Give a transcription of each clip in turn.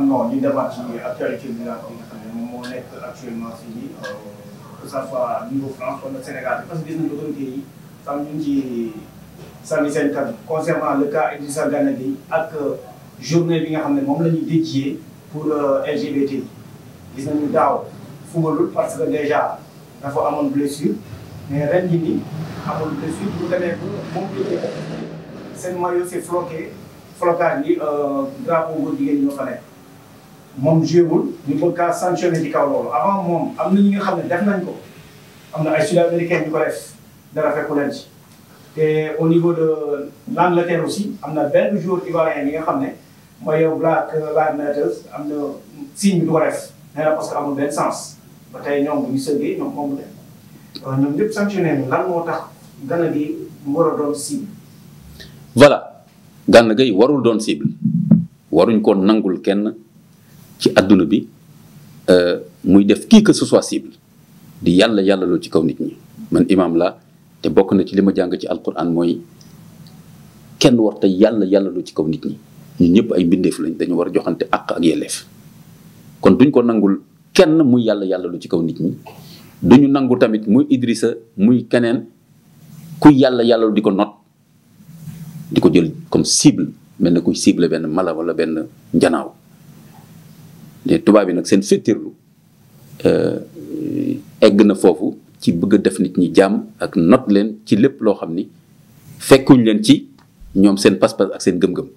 non ñu débat ci actualité bi nga xam ne moom moo nekk actuellement si que ça soit niveau France wala Sénégal parce que gis nañu yi tam ñu ngi ci sànni seen kàddu concernant le cas Idrissa Gana Gueye ak journée bi nga xam ne moom la ji dédié pour LGBT yi gis nañu daaw fubalul parce que déjà dafa amoon blessure mais ren jii nii amul blessure bu demee ba compliqué seen maillot s'est floqué flocage bi drapeau góor jigéen moom jéewul ñu bëgg kaa sanctionné ci kaw loolu avant moom am na ñi nga xam ne def nañ ko am na ay sud américain ñu ko def dara fekku leen ci te au niveau de l'Angleterre aussi am na benn jour ivoirien yi nga xam ne mooy yow Black Lives Matter am na signe bi du ko def nee parce que amul benn sens ba tey ñoom bu ñu sëggee ñoom moom la euh, ñoom ñëpp sanctionné ñu lan moo tax Gana Gueye mu war a doon cible. voilà Gana Gueye warul doon cible waruñ ko nangul kenn. ci àdduna bi euh, muy def kii que ce soit cible di yàlla yàlla ci kaw nit ñi man imaam la te bokk na ci li ma jàng ci alquran mooy kenn war te yàlla yàlla ci kaw nit ñi ñun ñëpp ay mbindeef lañ dañu war a joxante àq ak yelleef kon duñ ko nangul kenn muy yàlla yàlla lu ci kaw nit ñi nangu tamit muy Idrissa muy keneen ku yàlla yàlla di ko not di ko jël comme cible mel na kuy cible benn mala wala benn njanaaw mais tubaab yi nag seen féttirlu euh, egg na foofu ci bëgg def nit ñi jàmm ak not leen ci lépp loo xam ni fekkuñ leen ci ñoom seen pas-pas ak seen gëm-gëm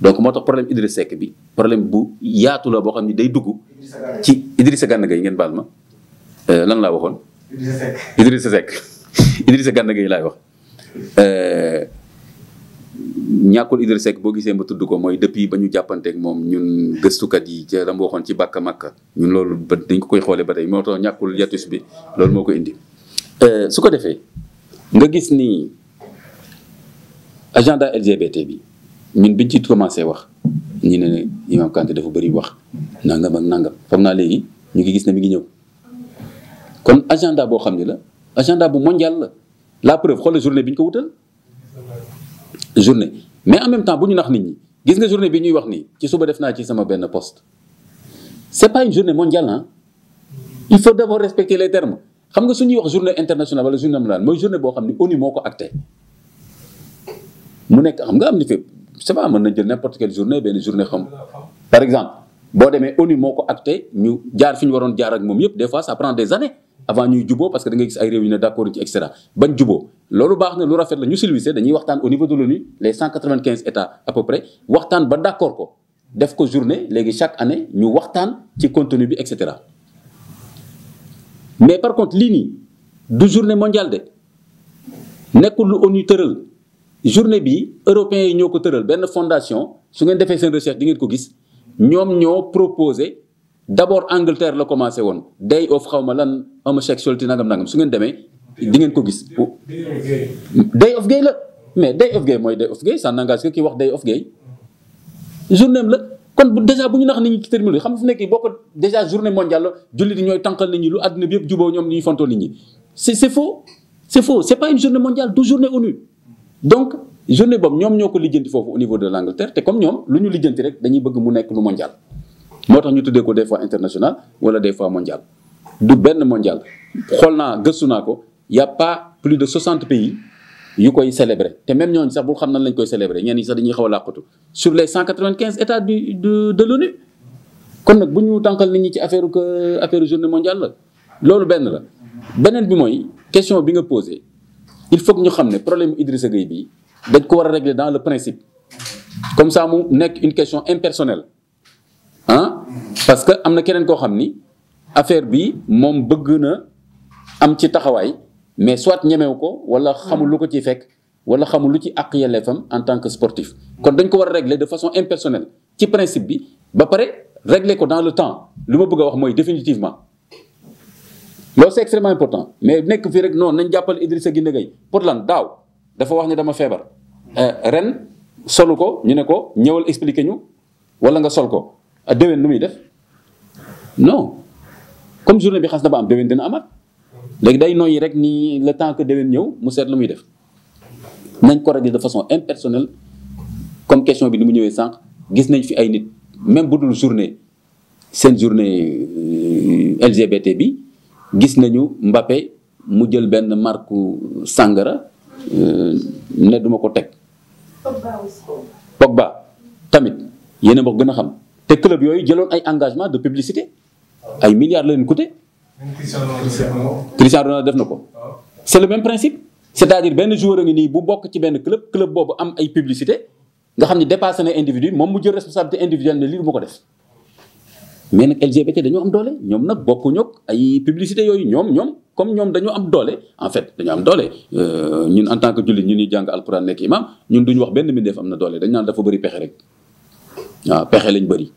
donc moo tax problème Idriss Seck bi problème bu yaatu la boo xam ni day dugg ci Idrissa Gana Gueye ngeen baal ma euh, lan laa waxoon Idrissa Seck Idrissa Seck Idrissa Gana Gueye laay wax euh, ñàkkul Idrissa Seck boo gisee ma tudd ko mooy depuis ba ñu jàppanteeg moom ñun gëstukat yi ca la mu ci bàkka màkka ñun loolu ba dañ ko koy xoolee ba tey moo tax ñàkkul yatus bi loolu moo ko indi. Euh, su ko defee nga gis ni agenda LGBT bi ñun biñ ci commencé wax ñu ne Imam Kanté dafa bari wax nangam ak nangam fom naa léegi ñu ngi gis ne mi ngi ñëw kon agenda boo xam ne la agenda bu mondial la la preuve xoolal journée bi ñu ko wutal. journée mais en même temps bu ñu nax nit ñi gis nga journée bi ñuy wax nii ci suba def naa ci sama benn poste c'est pas une journée mondiale ah il faut d'abord respecter les termes xam nga su ñuy wax journée internationale wala journée mondiale mooy journée boo xam ni ONU moo ko acté mu nekk xam nga am ni fépp c'est pas mën nañ jël n'importe quelle journée benn journée xam par exemple boo demee ONU moo ko acté ñu jaar fi ñu waroon jaar ak moom yëpp des fois ça prend des années avant ñuy juboo parce que loolu baax na lu rafet la ñu civilisé dañuy waxtaan au niveau de l'ONU les 195 états à peu près waxtaan ba d'accord ko def ko journée léegi chaque année ñu waxtaan ci contenu bi et cetera mais par contre lii nii du journée mondiale de nekkul lu ONU tëral journée bi européens yi ñoo ko tëral benn fondation su ngeen defee seen recherche di ngeen ko gis ñoom ñoo proposé d'abord Angleterre la commencé woon day of xaw ma lan homosexualité nangam-nangam su ngeen demee di ngeen ko gis. day of gay la mais day of gay mooy day of gay ça n'engage que ki wax day of gay journée am la kon bu dèjà bu ñu nax ni ñi ci terminé xam nga fu nekk boo ko dèjà journée mondiale la jullit ñooy tànqal nit ñi lu àdduna bi yëpp juboo ñoom li ñu fontoo nit ñi c'est c'est faux c'est pas une journée mondiale du journée ONU donc journée boobu ñoom ñoo ko lijjanti foofu au niveau de l'Angleterre te comme ñoom lu ñu lijjanti rek dañuy bëgg mu nekk lu mondial moo tax ñu tuddee ko des fois international wala des fois mondial du benn mondial xool naa gëstu naa ko y' a pas plus de 60 pays yu koy célébrer te même ñooñ sax bu xam na lañ koy célébrer ñenn ñi sax dañuy xaw a làqatu sur les 195 états du de de l'ONU kon nag bu ñu tànkal nit ñi ci affaire que affaire journée mondiale la loolu benn la. beneen bi mooy question bi nga posé il faut ñu xam ne problème Idrissa Gueye bi dañ ko war a régler dans le principe comme ça mu nekk une question impersonnelle ah parce que am na keneen koo xam ni affaire bi moom bëgg na am ci taxawaay. mais soit ñemewu ko wala xamul hmm. lu ko ciy fekk wala xamul lu ci àq yelleefam en tant que sportif kon dañ ko war a régler de façon impersonnelle ci principe bi ba pare régler ko dans le temps lu ma bëgg a wax mooy définitivement loolu c'est extrêmement important mais nekk fii rek noonu nañ jàppal Idrissa Gana Gueye pour lan daaw dafa wax ne dama feebar euh, ren solu ko ñu ne ko ñëwal expliquer ñu wala nga sol ko euh, déwén lu muy def non comme journée bi xas na am déwén dina amaat léegi day noyyi rek nii le temps que déwén ñëw mu seet lu muy def nañ ko régler de façon impersonnelle comme question bi ni mu ñëwee sànq gis nañ fi ay nit même bu dul journée seen journée euh, LGBT bi gis nañu Mbappé mu jël benn marque sàngara euh, ne duma ko teg. Pogba tamit yéen a gën a xam te club yooyu jëloon ay engagement de publicité ay milliards la leen coûté. Cristiano Ronaldo def na ko. c'est le même principe. c'est-à-dire benn joueur a ngi nii bu bokk ci benn club club boobu am ay publicité nga xam ne dépassé na individu moom mu jël responsabilité individuelle ne lii du ma ko def. mais nag LGBT dañoo am doole ñoom nag bokkuñu ak ay publicité yooyu ñoom ñoom comme ñoom dañoo am doole en fait dañoo am doole euh, ñun en tant que jullit ñun ñuy jàng alquran nekk imam ñun duñu wax benn mbindeef am na doole dañ naan dafa bëri pexe rek waaw pexe lañ bëri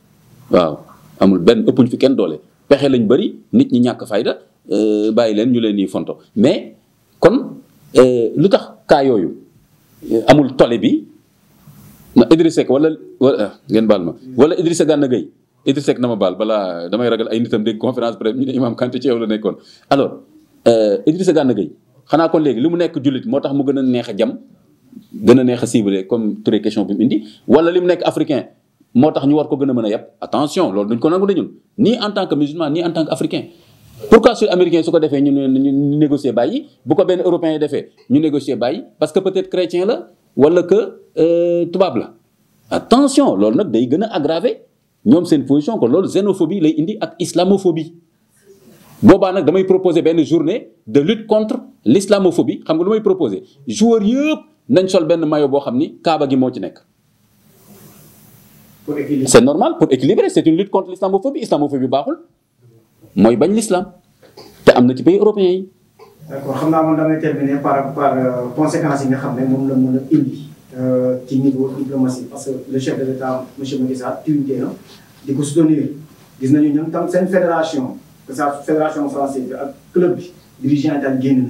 waaw amul benn ëppuñ fi kenn doole pexe lañ bëri nit ñi ñàkk fayda euh, bàyyi leen ñu leen di fonto mais kon euh, lu tax cas yooyu euh, amul tole bi ma Idrissa Seck wala wala ah, ngeen baal ma wala Idrissa Gana Gueye Idrissa Seck na ma baal balaa damay ragal ay nitam dégg conférence bref ñu ne Imam Kanté ci yow la nekkoon alors Idrissa Gana Gueye xanaa kon léegi li mu nekk jullit moo tax mu gën a neex a jam gën a neex a ciblé comme Touré question bi mu indi wala li mu nekk africain moo tax ñu war ko gën a mën a yàpp attention loolu duñ ko nangu de ñun ni en tant que musulman ni en tant que africain pourquoi sud américain su ko defee ñu ñu négocier bàyyi bu ko benn européen defee ñu négocier bàyyi parce que peut-être chrétien la wala que euh, tubaab la attention loolu nag day gën a aggraver ñoom seen position kon loolu xénophobie lay indi ak islamophobie boobaa nag damay proposer benn journée de lutte contre l'islamophobie xam nga lu may proposer joueur nañ sol benn maillot boo xam ni kaaba gi moo ci nekk c'est normal pour équilibrer c'est une lutte contre l'islamophobie islamophobie baaxul mooy bañ l'islam te am na ci pays européens yi. d'accord xam naa moom damay terminer par par euh, yi nga xam ne moom la mën a indi euh, ci niveau diplomatie parce que le chef de l'État monsieur Macky Sall tuuti na di ko soutenir gis nañu ñoom tam seen fédération que ça fédération française bi ak club bi dirigeant itam génn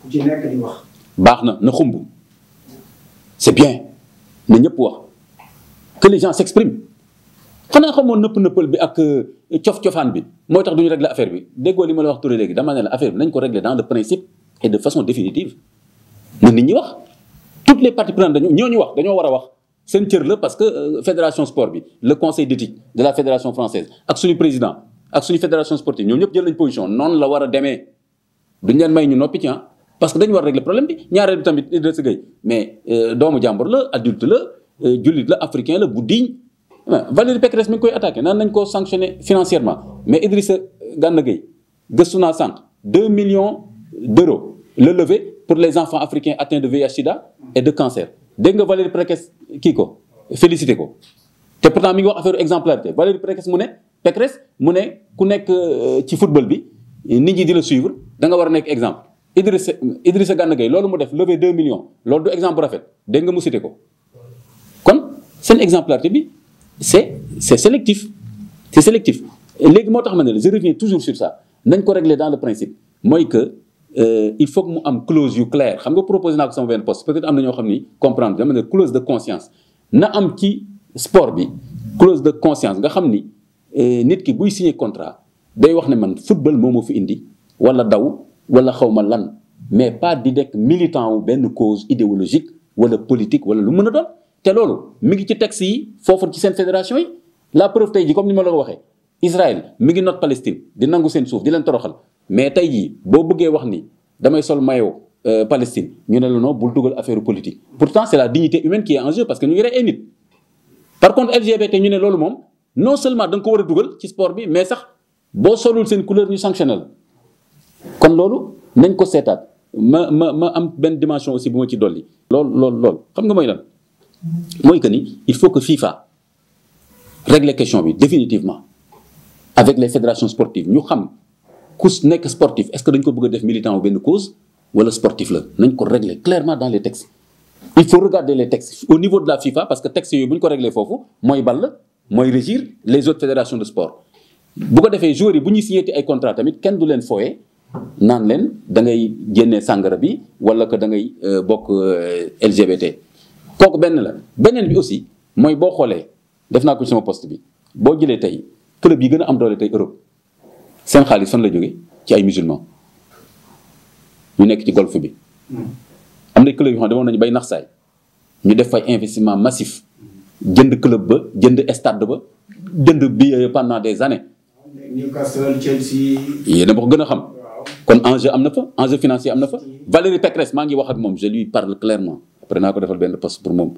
ku ci nekk di wax. baax na na xumb c'est bien na ñëpp wax. que les gens s'expriment xanaa xamoon nëpp nëppal bi ak euh, cof-cofaan bi mooy tax du ñu régler affaire bi déggoo li ma la wax turé léegi dama ne la affaire bi nañ ko régler dans le principe et de façon définitive na nit ñi wax toutes les parties prenantes dañu ñoo ñu wax dañoo war a wax seen cër la parce que euh, fédération sport bi le conseil d'éthique de la fédération française ak suñu président ak suñu fédération sportive ñoom ñëpp jël nañ position noon la war a demee duñ leen may ñu noppi ci ah. parce que dañu war a régler problème bi ñaareel bi tamit Idrissa Gueye mais euh, doomu jàmbur la adulte la Euh, jullit la africain la bu digne Valérie Pécresse mi ngi koy attaqué naa nañ koo sanctionné financièrement mais Idrissa gànna Gueye gëstu naa sànq deux millions d'euros la levé pour les enfants africains atteints de VIH sida et de cancer dégg nga Valérie Pécresse kii ko félicité ko te pourtant mi ngi wax affaire exemplarité Valérie Pécresse mu ne Pécresse mu ne ku nekk euh, ci football bi nit ñi di la suivre da nga war a nekk exemple Idrissa Idrissa Gana Gueye loolu mu def levé 2 millions loolu exemple rafet dégg nga mu ko seen exemplarité bi c' est c' est sélectif c' est sélectif léegi moo tax ma na la je reviens toujours sur ça nañ ko régler dans le principe mooy que euh, il faut que mu am clause yu claire xam nga proposé naa ko sama benn poste peut être am na ñoo xam ni comprendre dama ne clause de conscience na am ci sport bi clause de conscience nga xam ni euh, nit ki buy signé contrat day wax ne man football moo fi indi wala daw wala xaw ma lan mais pas di nekk militant wu benn cause idéologique wala politique wala lu mën a doon. te loolu mi ngi ci texte yi foofu ci seen fédération yi la preuve tey jii comme ni ma la ko waxee Israël mi ngi noot Palestine di nangu seen suuf di leen toroxal mais tey jii boo bëggee wax ni damay sol maillot euh, Palestine ñu ne la non bul dugal affaire politique pour c' est la dignité humaine qui est en jeu parce que ñu ngi rey ay par contre LGBT ñu ne loolu moom non seulement danga ko war a dugal ci sport bi mais sax boo solul seen couleur ñu sanctionnel kon loolu nañ ko seetaat ma ma ma am benn dimension aussi bu ma ci dolli. lool lool lool xam nga mooy lan. mooy que ni il faut que FIFA régler question bi définitivement avec les fédérations sportives ñu xam ku nekk sportif est-ce que dañ ko bëgg a def militant wu benn cause wala sportif la nañ ko régler clairement dans les textes il faut regarder les textes au niveau de la FIFA parce que textes yooyu bu ñu ko régler foofu mooy ball mooy régir les autres fédérations de sport bu ko defee joueurs yi bu ñuy signé ay contrat tamit kenn du leen fooyee naan leen da ngay génnee sàngara bi wala que da ngay euh, bokk euh, LGBT kooku benn la beneen bi aussi mooy boo xoolee def naa ko ci post bi boo jëlee tey club yi gën a am doole tey Europe seen xaalis fan la jóge ci ay musulman ñu nekk ci golf bi. Hmm. am na club yi xam demoon nañu bay nax saay ñu def fay investiment massif jënd club ba jënd stade ba jënd bi pendant des années. Newcastle Chelsea. yéen a ko gën a xam. kon enjeu am na fa enjeu financier am na fa. Hmm. Valérie Pécresse maa ngi wax ak moom je lui parle clairement. pare naa ko defal benn poste pour moom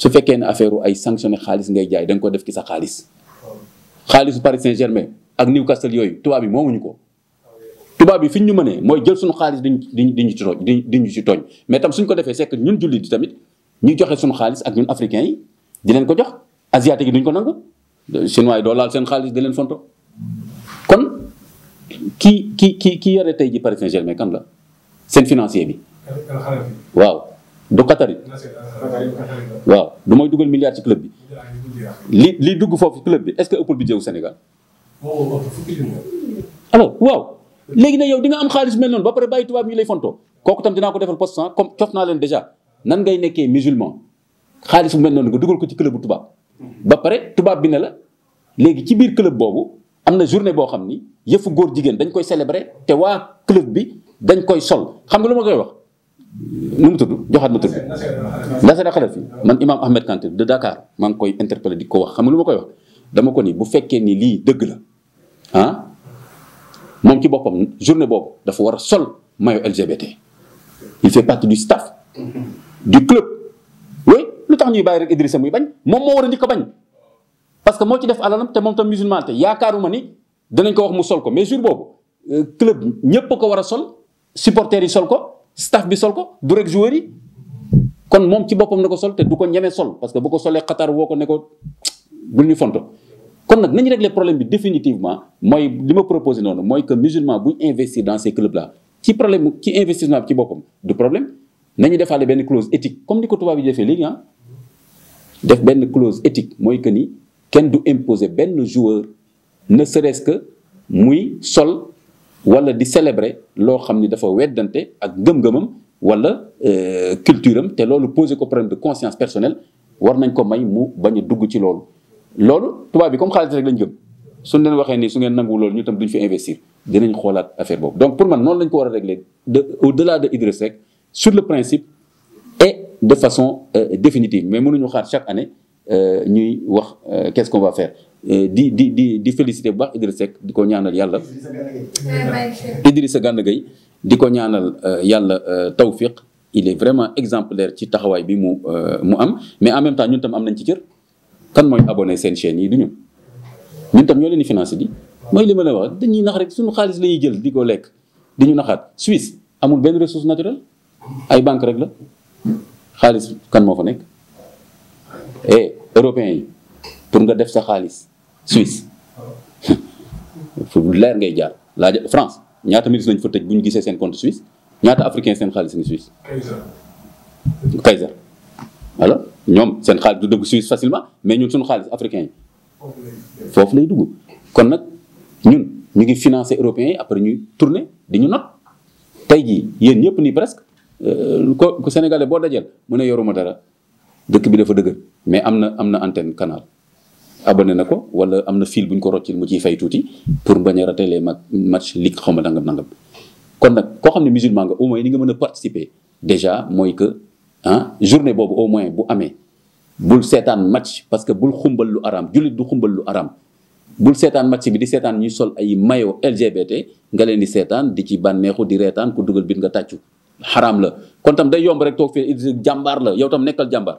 su fekkee ne affaire ay sanctionné xaalis ngay jaay da ko def ki sa xaalis xaalisu Paris Saint-Germain ak Newcastle yooyu tubaab yi moomuñu ko tubaab yi fi ñu mënee mooy jël suñu xaalis diñ diñ diñu ci tooñ diñu ci mais tam suñ ko defee c'est que ñun jullit tamit ñu joxe suñu xaalis ak ñun africains yi di leen ko jox asiatique yi duñ ko nangu chinois yi doo laal seen xaalis di leen fonto kon kii ki ki ki yore tey ji Paris saint kan la seen financier bi du Qatari waaw du may dugal milliard ci club bi li li dugg foofu club bi est-ce que ëppul budget wu Sénégal alors waaw léegi nag yow di nga am xaalis mel noonu ba pare bàyyi tubaab ñu lay fontoo kooku tam dinaa ko defal poste cent comme cof naa leen déjà nan ngay nekkee musulman xaalis bu mel noonu nga dugal ko ci club bu tubaab ba pare tubaab bi ne la léegi ci biir club boobu am na journée boo xam ni yëfu góor jigéen dañ koy célébrer te waa club bi dañ koy sol xam nga lu ma koy wax nu mu tudd joxaat ma tudd Nasser xalaf yi man imam Ahmed Kanté de Dakar maa ngi koy interpellé di ko wax xam nga lu ma koy wax dama ko nii bu fekkee ni lii dëgg la ah moom ci boppam journée boobu dafa war a sol maillot LGBT il fait partie du staff du club oui lu tax ñuy bàyyi rek Idrissa muy bañ moom moo war a njëkk ko bañ parce que moo ci def alalam te moom tam musulman te yaakaaruma ni danañ ko wax mu sol ko mais jour boobu euh, club ñëpp ko war a sol supporters yi sol ko staff bi sol ko du rek joueur yi kon moom ci boppam na ko sol te du ko ñemee sol parce que bu ko solee Qatar woo ko ne ko bul ñu fonto kon nag na ñu nañu régler problème bi définitivement mooy li ma proposé noonu mooy que musulman buy investir dans ces clubs là ci problème ci investissement bi ci boppam du problème nañu defaale benn clause éthique comme ni ko tubaab yi defee léegi ah def benn clause éthique mooy que nii kenn du imposer benn joueur ne serait-ce muy sol wala di célébrer loo xam ni dafa weddante ak gëm ngëmam wala euh, culture am te loolu poser ko problème de conscience personnelle war nañ ko may mu bañ a dugg ci loolu. loolu tubaab bi comme xaalis rek lañ gëm suñ leen waxee ni su ngeen nangu loolu ñu tam duñ fi investir dinañ xoolaat affaire boobu donc pour man noonu lañ ko war a régler de au delà de Idriss rek sur le principe et de façon euh, définitive mais mënuñu xaar chaque année. Euh, ñuy wax euh, qu'est-ce qu'on va faire di di di di féliciter bu baax Idrissa Seck di ko ñaanal yàlla sa Gana Gueye di ko ñaanal euh, yàlla tawfiq il est vraiment exemplaire ci taxawaay bi mu mu am mais en même temps ñun tam am nañ ci cër kan mooy abonné seen chaîne yi du ñu ñun tam ñoo leen di financé di mooy li ma la wax dañuy nax rek suñu xaalis la ñuy jël di ko lekk di ñu naxaat Suisse amul benn ressource naturelle ay banque rek la xaalis kan moo fa nekk eh, européens yi pour nga def sa xaalis Suisse fu leer ngay jaar laaj France ñaata ministre lañ fa tëj bu ñu gisee seen compte Suisse ñaata africain seen xaalis ngi Suisse. Kaiser voilà ñoom seen xaalis du dugg Suisse facilement mais ñun suñu xaalis africain yi foofu lay dugg kon nag ñun ñu ngi financé européens yi après ñu tourné di ñu not tey ji yéen ñëpp nii presque euh, ko Sénégalais boo dajeel mu ne yoruma dara. dëkk bi dafa dëgër mais am na am na antenne canal abonné na ko wala am na fil bu ñu ko roccil mu ciy fay tuuti pour bañ a raté mag match ligue xaw ma nangam nangam kon nag koo xam ne musulman nga au moins li nga mën a participer déjà mooy que ah journée boobu au moins bu amee bul seetaan match parce que bul xumbal lu araam jullit du xumbal lu araam bul seetaan match bi di seetaan ñuy sol ay mayo LGBT nga leen di seetaan di ci bànneexu di reetaan ku dugal bit nga tàccu xaraam la kon tam day yomb rek toog fee jàmbaar la yow tam nekkal jàmbaar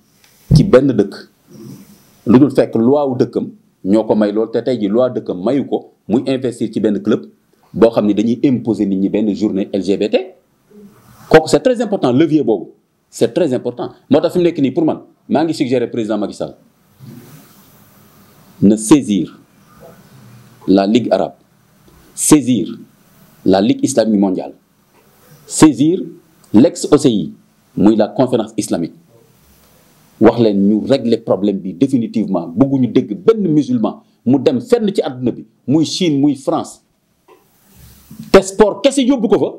ci benn dëkk lu dul fekk loi wu dëkkam ñoo ko may loolu te tey ji loi dëkkam mayu ko muy investir ci benn club boo xam ne dañuy imposer nit ñi benn journée LGBT kooku c'est très important levier boobu c'est très important moo tax fi mu nekk nii pour man maa ngi suggérer président Macky Sall na saisir la Ligue arabe saisir la Ligue islamique mondiale saisir l'ex-OCI muy la conférence islamique wax leen ñu régler problème bi définitivement bëgguñu dégg benn musulman mu dem fenn ci àdduna bi muy Chine muy France te sport kese yóbbu ko fa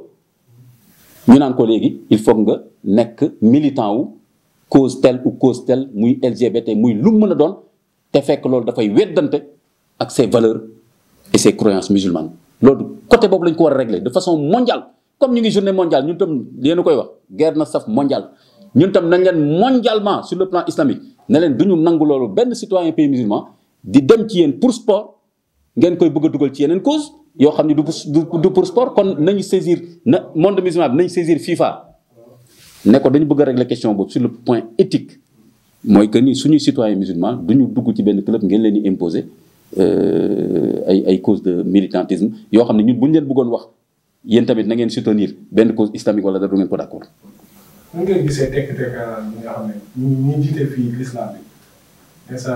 ñu naan ko léegi il faut nga nekk militant wu cause telle ou cause telle muy LGBT muy lu mën a doon te fekk loolu dafay weddante ak ses valeurs et ses croyances musulmanes loolu côté boobu lañ ko war a régler de façon mondiale comme ñu ngi journée mondiale ñun tam leen koy wax guerre na saf mondiale ñun tam nañ leen mondialement sur le plan islamique ne leen du ñu nangu loolu benn citoyen pays musulman di dem ci yéen pour sport ngeen koy bëgg dugal ci yeneen cause yoo xam ne du du pour sport kon nañu saisir na monde musulman bi nañu saisir FIFA ne ko dañu bëgg a régler question boobu sur le point éthique mooy que ni suñuy citoyen musulman du ñu dugg ci benn club ngeen leen di imposer euh, ay ay cause de militantisme yoo xam ne ñu bu ñu leen bëggoon wax yéen tamit na ngeen soutenir benn cause islamique wala da du ngeen ko d'accord nan ngay gisee tekki tekkaaral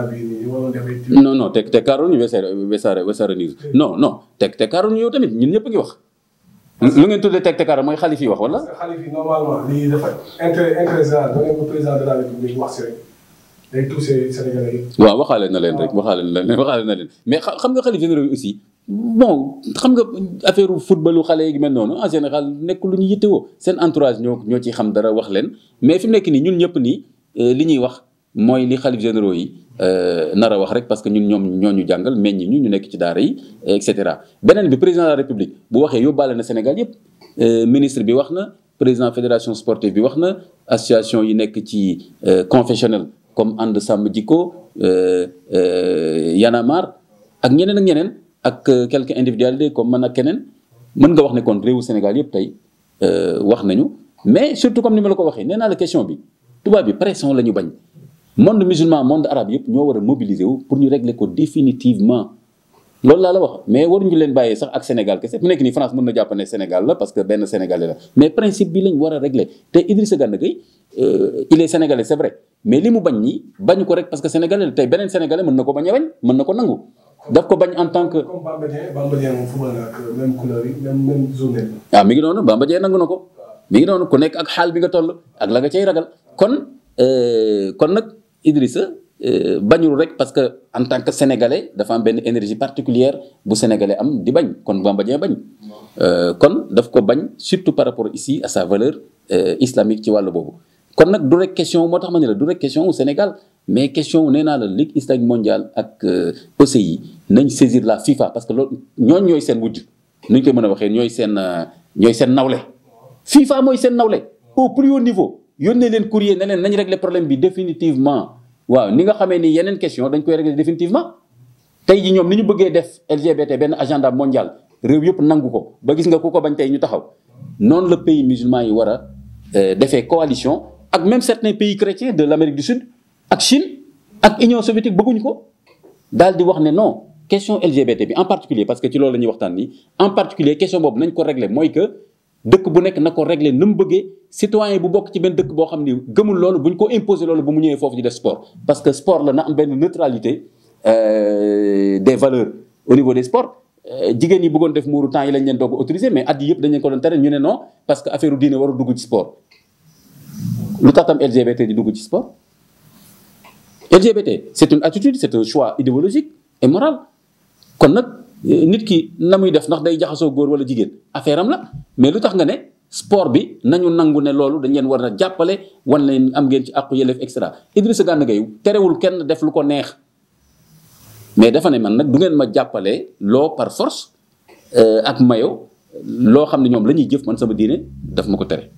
ñu waroon defee. non non tekki tekkaaral ñu wesaare yow tamit ñun ñëpp a wax. lu ngeen tuddee tek tekki tekkaaral mooy xalif yi wax wala. la république wax si rek. day touché Sénégalais yi. waaw waxaale na leen rek waxaale na leen mais xam nga xalif généraux yi aussi. bon xam nga affaire footballu xale yi mel noonu en général nekk lu ñu yittewoo seen entourage ñoo ñoo ciy xam dara wax leen mais fi mu nekk nii ñun ñëpp nii euh, li ñuy wax mooy li xalif généraux yi euh, nar a wax rek parce que ñun ñoom ñoo ñu jàngal meññ ñu ñu nekk ci daara yi et cetera. beneen bi président de la république bu waxee yóbbaale na Sénégal yëpp euh, ministre bi wax na président fédération sportive bi wax na association yi nekk ci confessionnel comme ànd sàmm jikko Yanamar ak ñeneen ak ñeneen. ak euh, quelques individualités comme man ak keneen mën nga wax ne kon réewu Sénégal yëpp tey euh, wax nañu mais surtout comme ni ma la ko waxee nee naa la question bi tubaab bi pression la bañ monde musulman monde arabe yëpp ñoo war a mobiliser wu pour ñu régler ko définitivement loolu laa la wax mais waruñu leen bàyyee sax ak Sénégal kese mu nekk nii France mën na jàpp ne Sénégal la parce que benn Sénégalais la mais principe bi lañ war a régler te Idrissa Gana Gueye euh, mais li mu bañ ñi bañu ko rek parce que sénégalais tey beneen sénégalais mën na ko bañ mën na ko nangu daf ko bañ en tant que. comme waaw ah, mi ngi noonu Bamba Dieng nangu na ko. mi ngi noonu ku nekk ak xaal bi nga toll ak la nga cay ragal kon euh, kon nag Idrissa euh, bañul rek parce que en tant que sénégalais dafa am benn énergie particulière bu sénégalais am di bañ kon Bamba Dieng bañ. Euh, kon daf ko bañ surtout par rapport ici à sa valeur islamique ci wàll boobu. kon nag du rek question moo tax ma ne la du rek question wu Sénégal mais question wu nee naa la Ligue islamique mondiale ak OCI. nañ saisir la FIFA parce que loolu ñooñ ñooy seen wujj nuñ koy mën a waxee ñooy seen euh, ñooy seen nawle FIFA mooy seen nawle au plus haut niveau yónnee leen courrier ne leen nañ régler problème bi définitivement waaw ni nga xamee ni yeneen question dañ koy régler définitivement tey ji ñoom ni ñu bëggee def LGBT benn agenda mondial réew yëpp nangu ko ba gis nga ku ko bañ tey ñu taxaw noonu la pays musulman yi war a euh, defee coalition ak même certains pays chrétiens de l'Amérique du Sud ak Chine ak Union soviétique bëgguñ ko daal di wax ne non question LGBT bi en particulier parce que ci loolu la ñuy waxtaan nii en particulier question boobu nañ ko régler mooy que dëkk bu nekk na ko régler na mu bëggee citoyen bu bokk ci benn dëkk boo xam ni gëmul loolu bu ñu ko imposer loolu bu mu ñëwee foofu ñu def sport parce que sport la na am benn neutralité euh, des valeurs au niveau des sports euh, jigéen yi bëggoon def muuru temps yi lañ leen doog autorisé mais at yi yëpp dañ leen ko doon tere ñu ne parce que affaire u diine waru dugg ci sport lu tax tam LGBT dugg ci sport LGBT c'est une attitude c'est un kon nag euh, nit ki na muy def ndax day jaxasoo góor wala jigéen affaire am la mais lu tax nga ne sport bi nañu nangu ne loolu dañu leen war a jàppale wan leen am ngeen ci àqu yelleef et cetera Idrissa Gana Gueye terewul kenn def lu ko neex mais dafa ne man nag du ngeen ma jàppale loo par force euh, ak mayo loo xam ne ñoom la ñuy jëf man sama diine daf ma ko tere.